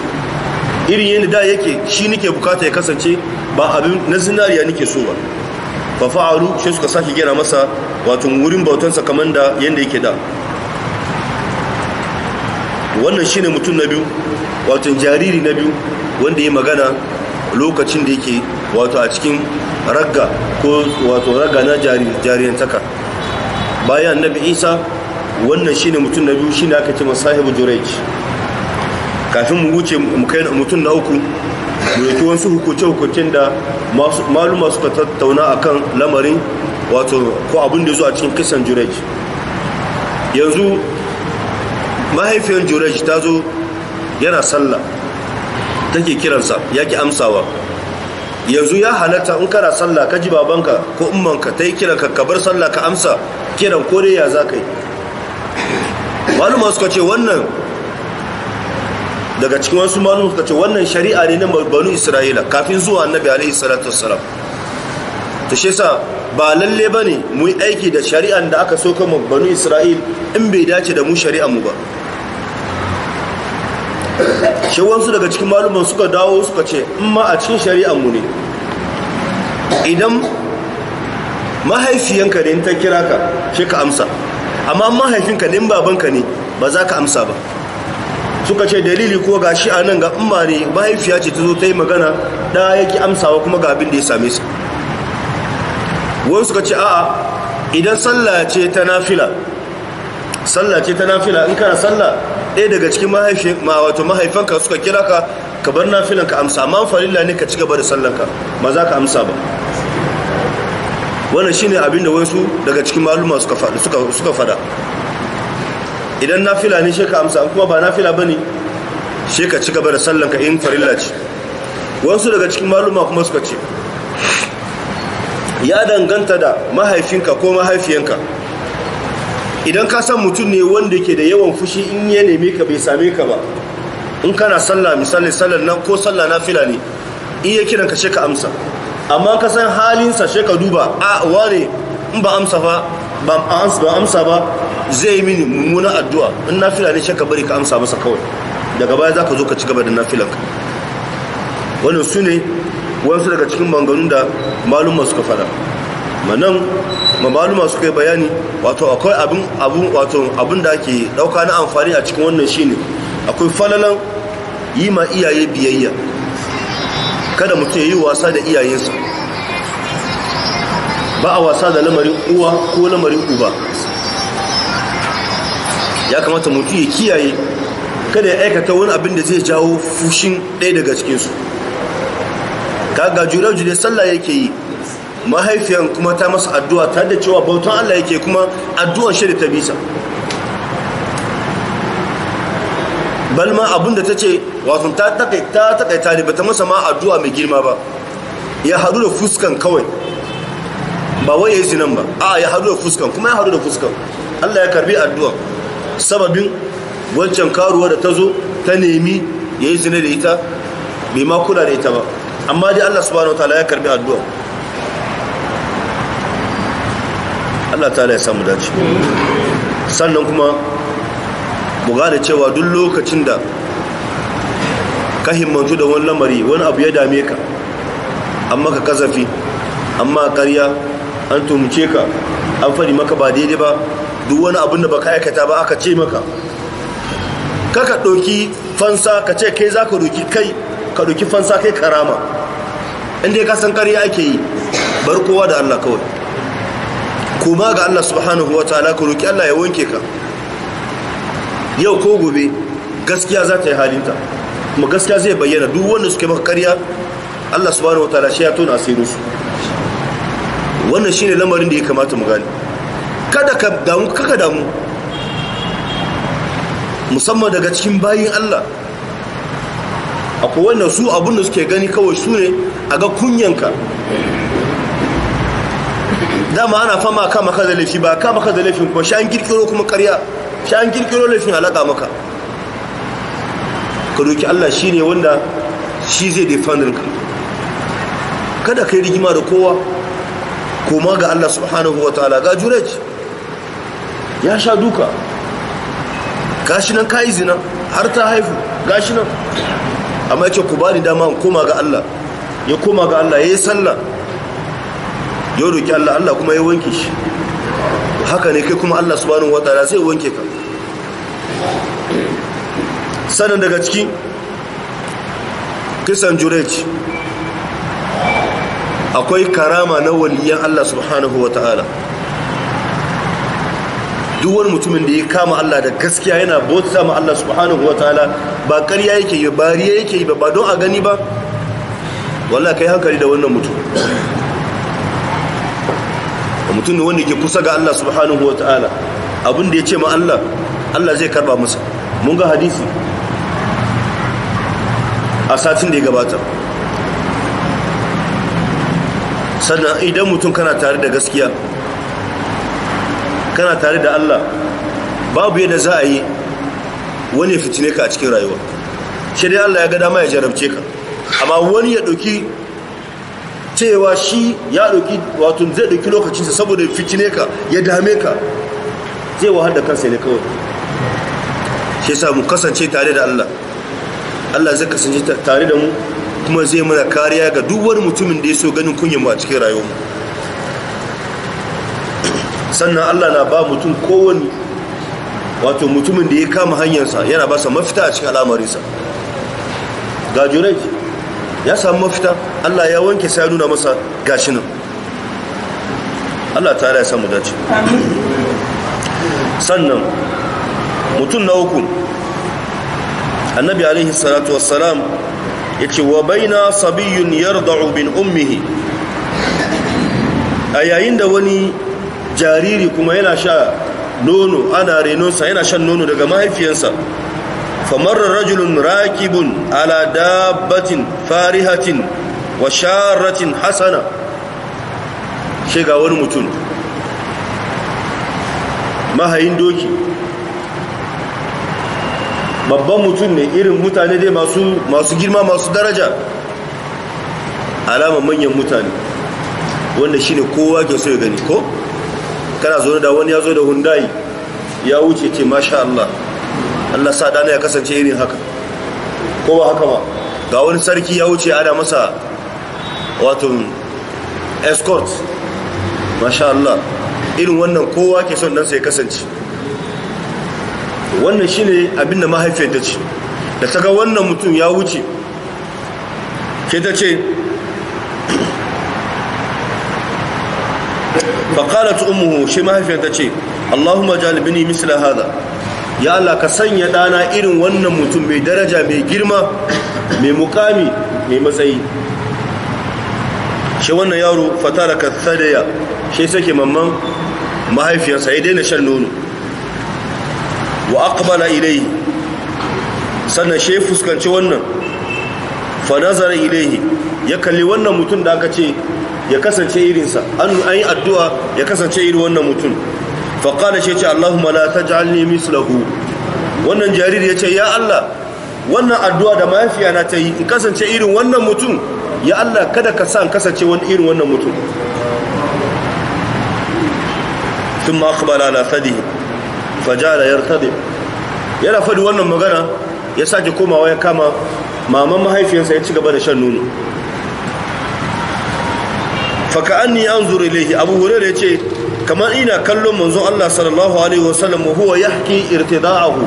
irin yadda da yake shi nake bukata ya kasance ba abin na zinariya nake so ba fa fa'alu shi suka sake gina masa wato wurin bautansa kamar da yadda yake da wannan shine mutum na biyu wato jariri na biyu wanda ya magana lokacin da yake wato a cikin ragga ko wato ragga na jariyantaka bayan annabi isa wannan shine mutum na biyu shine aka ce masahibu jurej kafin mu wuce mutum na uku mu yake wasu hukuce-hukucen da maluma suka tattauna akan lamarin wato ko abin da zuwa cikin kisan jurej yanzu mahaifiyar jurej ta zo yana sallah take kiransa ya ki amsawa yanzu ya halatta in kana sallah ka ji babanka ko ummanka ta yi kiran ka bar sallah ka amsa kiran ko dai ya za ka yi maluma suka ce wannan daga cikin wasu maluma suka ce wannan shari'a ne na banu isra'ila kafin zuwa annabi alaihi salatu wassalam ta shesa ba lalle ba ne mu yi aiki da shari'an da aka so kama banu isra'il in bai dace da mu shari'an mu ba shawansu daga cikin maluman suka dawo suka ce in ma a cikin shari'an mu ne idan mahaifiyanka ne ta kira ka shi ka amsa amma mahaifinka ne babanka ne ba za ka amsa ba suka ce dalili ko gashi a nan ga umma ne mahaifiya ce ta zo ta yi magana da yake amsawa kuma ga abin da ya same su wai suka ce a'a idan sallah ce ta nafila sallah ce ta nafila in kana sallah ɗaya daga cikin mahaifanka suka kira ka ka bar nafilanka amsa man falilla ne ka ci gaba da sallanka ma za ka amsa ba wannan shine abin da wasu daga cikin maluma suka fada idan nafila ne ka amsa kuma ba nafila bane sheka ci gaba da sallanka in farilla ce wasu daga cikin maluma kuma suka ce ya danganta da mahaifinka ko mahaifiyanka idan ka san mutum ne wanda ke da yawan fushi in ya neme ka bai same ka ba in kana sallah misali sallar nan ko sallah na fila ne in ya kiran ka ka amsa amma ka san halinsa sheka duba a ware in ba amsa ba ba amsa ba zai yi mini mummuna addu'a in na fila ne sheka bari ka amsa masa kawai daga baya za ka zo ka ci gaba da na filanka wani su ne wasu daga cikin banganun da maluma suka fada manan ma maluma suka yi bayani wato akwai abin wato abin da ake dauka na amfani a cikin wannan shine akwai falalan yi ma iyaye biyayya kada mutum ya yi wasa da iyayensa ba a wasa da lamarin uwa ko lamarin uba ya kamata mutum ya kiyaye kada ya aikata wani abin da zai jawo fushin ɗaya daga cikinsu kaga jure jure sallah yake yi mahaifiyan kuma ta masa addu'a ta da cewa bautan Allah yake kuma addu'an shi ta bisa balma abinda ta ce wato ta takaita takaita ne ta masa ma addu'a mai girma ba ya hadu da fuskan kawai ba wai ya yi zinan ba a ya hadu da fuskan kuma ya hadu da fuskan Allah ya karbi addu'a sababin wancan karuwa da ta zo ta nemi ya yi zina da ita bai ma kula da ita ba amma dai Allah subhanahu ta'ala ya karbi addu'a Allah ta'ala ya samu dace sannan kuma mu gane cewa duk lokacin da ka himmantu da wani lamari wani abu ya dame ka amma ka kazafi amma karya an tumce ka an fari maka ba daidai ba duk wani abin da baka aikata ba aka ce maka kaka ɗauki fansa ka ce kai za ka fansa kai karama inda ya kasan kariya ake yi bar kowa da Allah kawai kuma ga Allah subhanahu wa ta'ala ku roki Allah ya wanke ka yau ko gobe gaskiya za ta yi halinta kuma gaskiya zai bayyana duk wanda suke maka kariya, Allah subhanahu wa ta'ala shi ya tona asirin su wannan shine lamarin da ya kamata mu gane kada ka damu kaka damu musamman daga cikin bayin Allah akwai wannan su abin da suke gani kawai su ne a ga kunyanka dama ana fama kama da laifi ba kama da laifin kuma sha'an kirkiro kuma karya sha'an kirkiro laifin alaƙa maka ka doki allah shi ne wanda shi zai defendin ka kada ka yi rigima da kowa koma ga allah subhanahu wa ta'ala ga jureji ya sha duka gashi nan ka yi zina har ta haifu gashi nan amma yake ku bani dama in koma ga Allah ya koma ga Allah ya yi sallah ya roki Allah Allah kuma ya wanke shi haka ne kai kuma Allah subhanahu wataala zai wanke ka sanan daga cikin kisan jurej akwai karama na waliyan Allah subhanahu wataala duk wani mutumin da ya kama Allah da gaskiya yana bauta ma Allah subhanahu wataala ba ƙarya yake yi ba riya yake yi ba ba don a gani ba wallah kai hankali da wannan mutum mutum ne wanda ke kusa ga Allah subhanahu wataala abin da ya ce ma Allah Allah zai karba masa mun ga hadisi a satin da ya gabata sannan idan mutum kana tare da gaskiya kana tare da Allah babu yadda za a yi wani fitile ka a cikin rayuwa shi dai Allah ya ga dama ya jarabce ka amma wani ya ɗauki cewa shi ya ɗauki wato zai ɗauki lokacinsa saboda fitile ka ya dame ka zai wahar da kansa ne kawai shi sa mu kasance tare da Allah Allah zai kasance tare da mu kuma zai mana kariya ga duk wani mutumin da ya so ganin kunyar mu a cikin rayuwa mu sannan Allah na ba mutum kowane wato mutumin da ya kama hanyarsa yana ba sa mafita a cikin al'amarinsa ga jurej ya samu mafita Allah ya wanke sai ya nuna masa gashinan Allah ta ya samu dace sannan mutum na uku annabi alaihi salatu wassalam ya ce wa baina sabiyun yarda'u bin ummihi a yayin da wani jariri kuma yana sha nono ana renonsa yana shan nono daga mahaifiyansa famarar rajulun rakibun ala dabbatin farihatin wa sharatin hasana shiga wani mutum mahayin doki babban mutum ne irin mutane dai masu girma masu daraja alama manyan mutane wanda shine kowa ke so ya gani ko? kana zo da wani ya zo da hundai ya wuce ce masha Allah Allah sa dana ya kasance irin haka ko ba haka ba ga wani sarki ya wuce ana masa wato escort masha Allah irin wannan kowa ke son ɗansa ya kasance wannan shine abin da mahaifiyar ta ce da ta ga wannan mutum ya wuce ke ta ce faqalat ummuhu shi mahaifiyar ta ce Allahumma jalibni misla hada ya Allah ka sanya ɗana irin wannan mutum mai daraja mai girma mai mukami mai matsayi shi wannan yaro fatara ka sadaya shi sake mamman mahaifiyarsa ya daina shan nono wa aqbala ilayhi sannan shi fuskanci wannan fa nazara ilayhi ya kalli wannan mutum da aka ce ya kasance irinsa an yi addu'a ya kasance irin wannan mutum faƙala shi ce allahumma la ta ja'alni mislahu wannan jariri ya ce ya allah wannan addu'a da mafiya na ta yi in kasance irin wannan mutum ya allah kada ka sa kasance irin wannan mutum sun ma na sadihi fajara yar tadi yana faɗi wannan magana ya sake komawa ya kama maman mahaifiyarsa ya ci gaba da shan nono faka anni zure ilayhi abu ya ce kamar ina kallon manzon Allah sallallahu alaihi wasallam huwa yahki irtida'ahu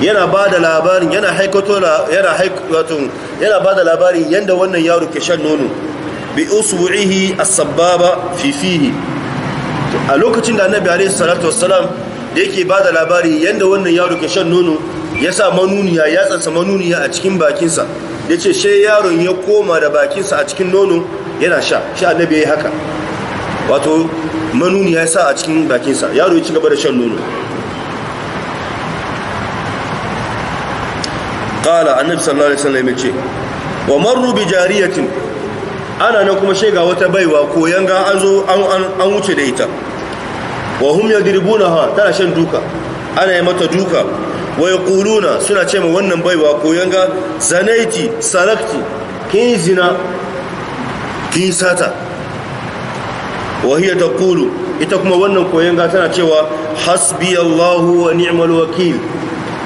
yana bada labarin yana haikato yana haikato yana bada labarin yanda wannan yaro ke shan nono bi usbu'ihi as-sababa fi fihi a lokacin da annabi alaihi salatu wassalam da yake bada labari yanda wannan yaro ke shan nono ya sa manuniya ya tsatsa manuniya a cikin bakinsa ya ce shi yaron ya koma da bakinsa a cikin nono yana sha shi annabi yayi haka wato manuni ya sa a cikin bakinsa yaro ya ci gaba da shan nono qala annabi sallallahu alaihi wasallam ce wa marru bi jariyatin ana nan kuma shega wata baiwa ko yanga an zo an wuce da ita wa hum yadribunaha tana shan duka ana yi mata duka wa yaquluna suna ce ma wannan baiwa ko yanga zanaiti sarakti kin zina ki sata wahiyar ta kulu ita kuma wannan koyon ga tana cewa hasbi allahu wa ni'mal wakil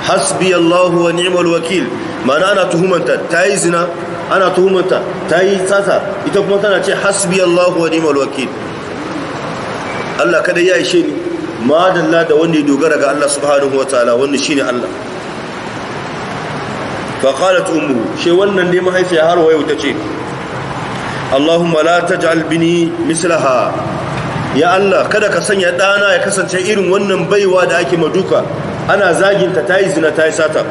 hasbi allahu wa ni'mal wakil mana ana tuhumanta ta yi zina ana tuhumanta ta yi ita kuma tana ce hasbi allahu wa ni'mal wakil allah kada ya ishe ni madalla da wanda ya dogara ga allah subhanahu wa ta'ala wanda shine allah fa qalat ummu shi wannan dai mahaifiya har wayo ce. Allahuma la taj'al bini mislaha ya Allah kada ka sanya dana ya kasance irin wannan baiwa da ake maduka ana zaginta ta yi zina ta yi sata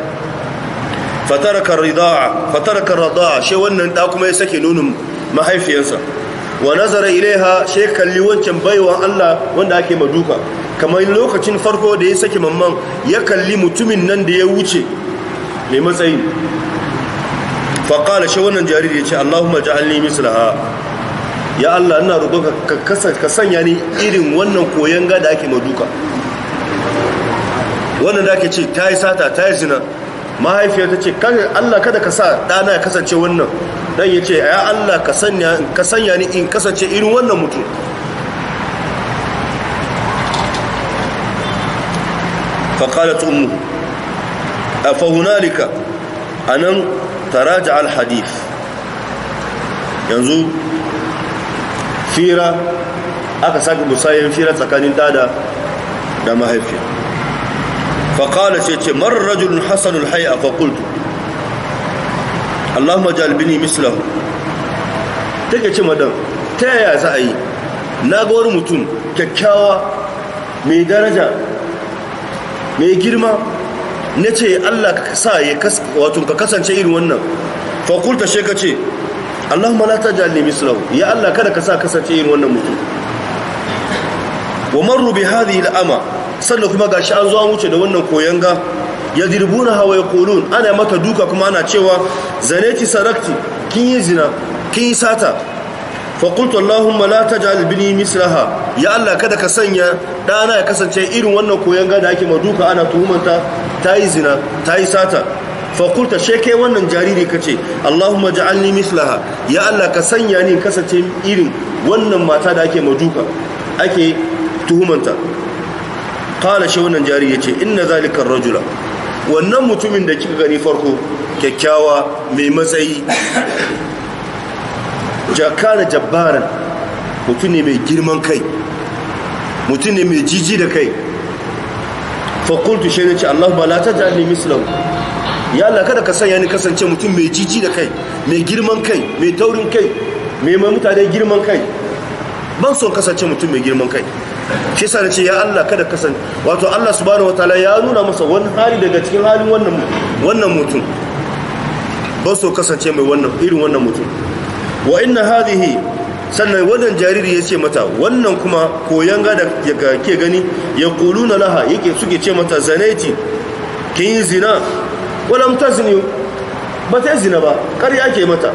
fataraka rida'a fataraka rida'a she wannan da kuma ya sake nunin mahaifiyarsa wa nazara ilaiha she kalli wancan baiwan Allah wanda ake maduka kamar lokacin farko da ya sake mamman ya kalli mutumin nan da ya wuce mai matsayi faƙala shi wannan jariri ya ce allahumma ja'alni mislaha ya allah ina roƙon ka sanya ni irin wannan koyon gada ake maduka wannan da ake ce ta yi sata ta yi zina mahaifiyar ta ce allah kada ka sa ɗana ya kasance wannan dan ya ce ya allah ka sanya ni in kasance irin wannan mutum tsohon mu a fahunalika a nan taraja alhadif yanzu fira aka sake musayin fira tsakanin dada da mahaifiya faƙala ce ce marar rajulun hassanul hai'a allahumma jalbini mislahu ta yaya za a yi na ga wani mutum kyakkyawa mai daraja mai girma na ce allah ka sa ya wato ka kasance irin wannan fakulta shi ka ce allahumma la tajal li mislahu ya allah kada ka sa kasance irin wannan mutum wa marru bi hadhihi al-ama sannan kuma gashi an zo an wuce da wannan koyanga ya dirbuna hawa ya kolon ana mata duka kuma ana cewa zaneti sarakti kin yi zina kin yi sata faƙultu Allahumma la ta ja'al bini mislaha ya Allah kada ka sanya ɗana ya kasance irin wannan koyon gada ake maduka ana tuhumanta ta yi zina ta yi sata faƙulta she kai wannan jariri ka ce Allahumma ja'alni mislaha ya Allah ka sanya ni kasance irin wannan mata da ake maduka ake tuhumanta kala shi wannan jariri ya ce inna zalikan rajula wannan mutumin da kika gani farko kyakkyawa mai matsayi jakana jabbaran mutum ne mai girman kai mutum ne mai jiji da kai fakultu shi ne ce allah ba la ta da ne mislau ya laka kada ka sanya ni kasance mutum mai jiji da kai mai girman kai mai taurin kai mai mai mutane girman kai ban son kasance mutum mai girman kai shi sa ce ya Allah kada kasan wato Allah subhanahu wataala ya nuna masa wani hali daga cikin halin wannan mutum ba so kasance mai wannan irin wannan mutum wa inna hadhihi sannan wannan jariri ya ce mata wannan kuma gada da ke gani ya kuluna laha yake suke ce mata zanaiti kin yi zina walam tazni ba ta zina ba ƙarya ke mata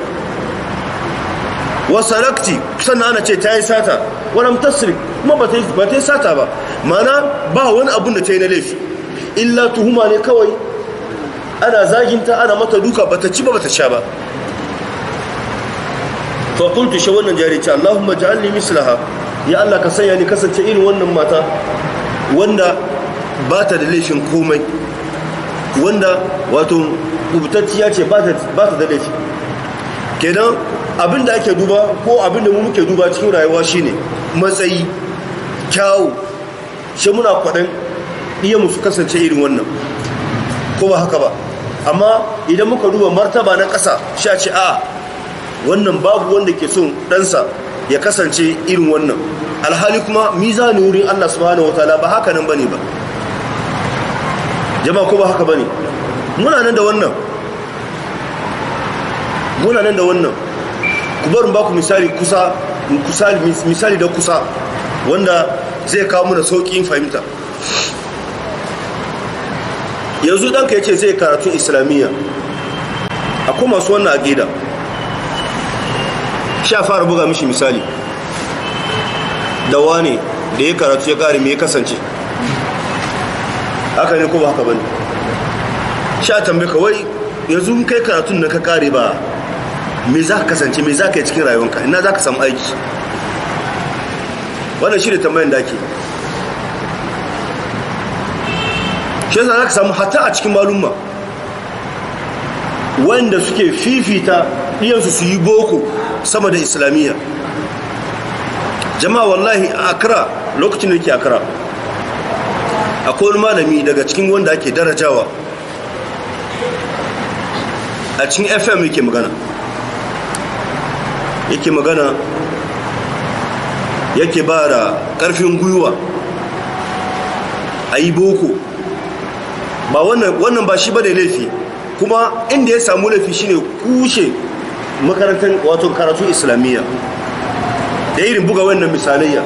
wa sarakti sannan ana ce ta yi sata walam tasri kuma ba ta yi sata ba mana ba wani abun da ta yi na laifi illa tuhuma ne kawai ana zaginta ana mata duka ba ta ci ba ba ta sha ba fa qultu shi wannan jari ce Allahumma ja'alni mislaha ya Allah ka sanya ni kasance irin wannan mata wanda ba ta da laifin komai wanda wato kubtacciya ce ba ta da laifi kenan abinda ake duba ko abinda mu muke duba cikin rayuwa shine matsayi kyawu shi muna kwaɗin iya musu kasance irin wannan ko ba haka ba amma idan muka duba martaba na ƙasa sha ce a wannan babu wanda ke son ɗansa ya kasance irin wannan alhali kuma mizani wurin Allah subhanahu wataala ba haka nan bane ba jama'a ko ba haka ba ne? muna nan da wannan muna nan da wannan ku barin ba ku misali kusa misali da kusa wanda zai kawo mana sauƙin fahimta yanzu ɗanka ya ce zai karatu islamiyya akwai masu wannan gida. sha fara buga mishi misali da wane da ya karatu ya kare mai kasance haka ne ko ba haka bane sha tambaye kawai yanzu kai karatun da ka kare ba me za ka kasance me za ka yi cikin rayuwanka ina za ka samu aiki wanda shi da tambayin da ake shi za ka samu hata a cikin malumma wanda suke fifita iyansu su yi boko sama da islamiyya jama'a wallahi a akra lokacin da yake akara akwai wani malami daga cikin wanda ake darajawa a cikin fm yake magana yake magana yake ba da ƙarfin gwiwa a yi boko ba wannan ba shi ba da laifi kuma inda ya samu laifi shine kushe makarantar wato karatu islamiyya da irin buga wannan misalayya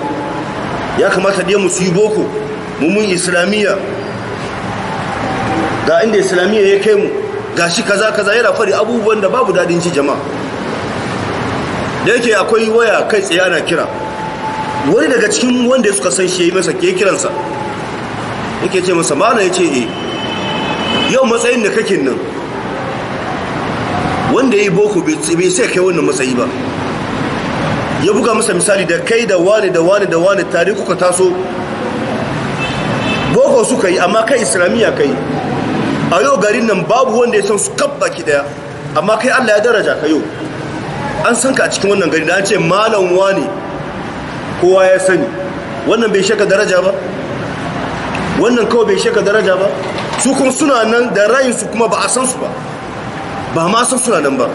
ya kamata ɗaya mu yi boko mummun islamiyya ga inda islamiyya ya kai mu ga shi kaza kaza yana fari abubuwan da babu daɗin ci jama'a da yake akwai waya kai tsaye ana kira wani daga cikin wanda suka san shi ya yi masa ke kiransa yake ce masa mana ya ce eh, yau matsayin da kake nan wanda ya yi boko bai sai kai wannan matsayi ba ya buga masa misali da kai da wani da wani da wani tare kuka taso boko suka yi amma kai islamiyya kai a yau garin nan babu wanda ya san su kabba ki daya amma kai allah ya daraja ka yau an san ka a cikin wannan gari da an ce malam wani kowa ya sani wannan bai shaka daraja ba wannan kawai bai shaka daraja ba su kuma suna nan da rayinsu kuma ba a san su ba ba ma san suna nan ba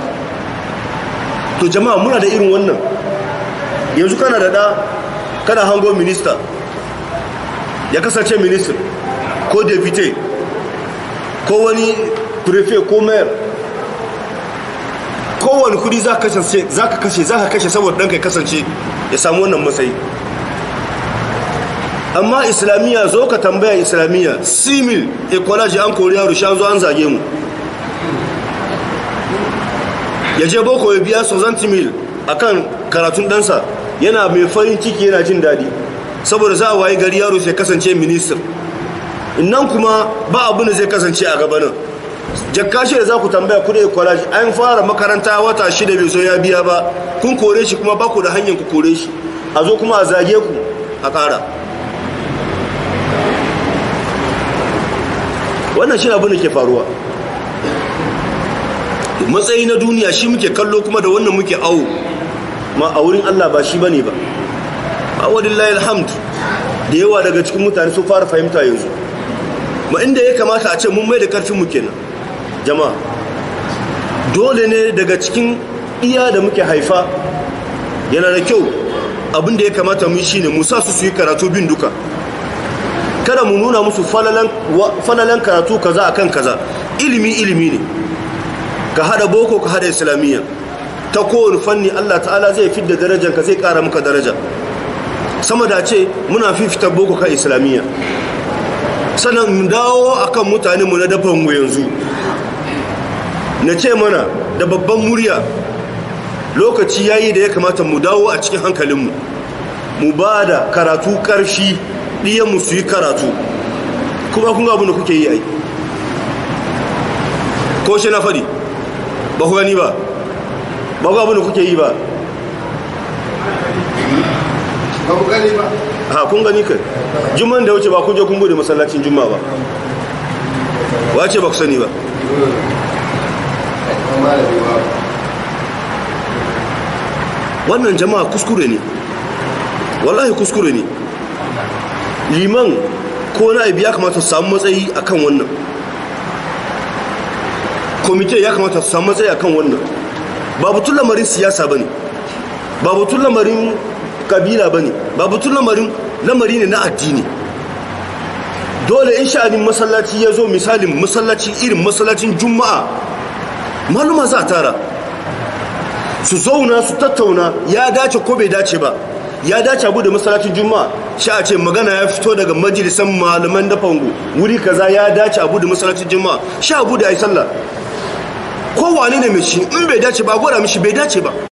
to jama'a muna da irin wannan yanzu kana da da kana hango minista ya kasance minista ko devite ko wani prefe ko mayor kowane kudi za ka kashe za ka kashe saboda ɗanka ya kasance ya samu wannan matsayi amma islamiyya zo ka tambaya islamiyya simil ekolaji an koriya rushe an zo an zage mu ya je boko ya biya su mil a kan karatun ɗansa yana mai farin ciki yana jin daɗi saboda za a waye gari yaro sai kasance minister nan kuma ba abu da zai kasance a gabanin jakka shi da za ku tambaya kuɗe kwalaji an fara makaranta wata shida bai zo ya biya ba kun kore shi kuma ba ku da hanyar ku kore shi a zo kuma a zage ku a ƙara wannan shi abu da ke faruwa matsayi na duniya shi muke kallo kuma da wannan muke awo ma a wurin Allah ba shi ba ne ba a layi alhamdu da yawa daga cikin mutane sun fara fahimta yanzu ma inda ya kamata a ce mun mai da karfin mu kenan jama'a dole ne daga cikin iya da muke haifa yana da kyau abin da ya kamata mu shi ne musa su su yi karatu bin duka kada mu nuna musu falalan karatu kaza akan kaza ilimi ilimi ne ka hada boko ka hada islamiyya ta kowane fanni Allah ta'ala zai da darajar ka zai kara muka daraja sama da ce muna fifita boko ka islamiyya sannan mu dawo akan mutane mu na dafa mu yanzu na ce mana da babban murya lokaci ya yi da ya kamata mu dawo a cikin hankalinmu mu ba da karatu karshi ɗiyanmu su yi karatu kuma kun abin da kuke yi a yi. ko shi na faɗi ba ku gani ba ba ku abinda kuke yi ba ba ku gani ba ha kun gani kai juman da wuce ba ku je kun bude masallacin juma ba wace ba ku sani ba wannan jama'a kuskure ne wallahi kuskure ne liman ko na biya kamata samu matsayi akan wannan komite ya kamata su samu a kan wannan ba butun lamarin siyasa ne ba butun lamarin kabila bane ba butun lamarin lamari ne na addini dole in sha'anin masallaci ya zo misalin masallaci irin masallacin juma'a maluma za tara su zauna su tattauna ya dace ko bai dace ba ya dace abu da masallacin juma'a sha a ce magana ya fito daga majalisan malaman da fango wuri kaza ya dace abu da masallacin juma'a sha abu da yi sallah kowane ne mai shi in bai dace ba gwada mishi bai dace ba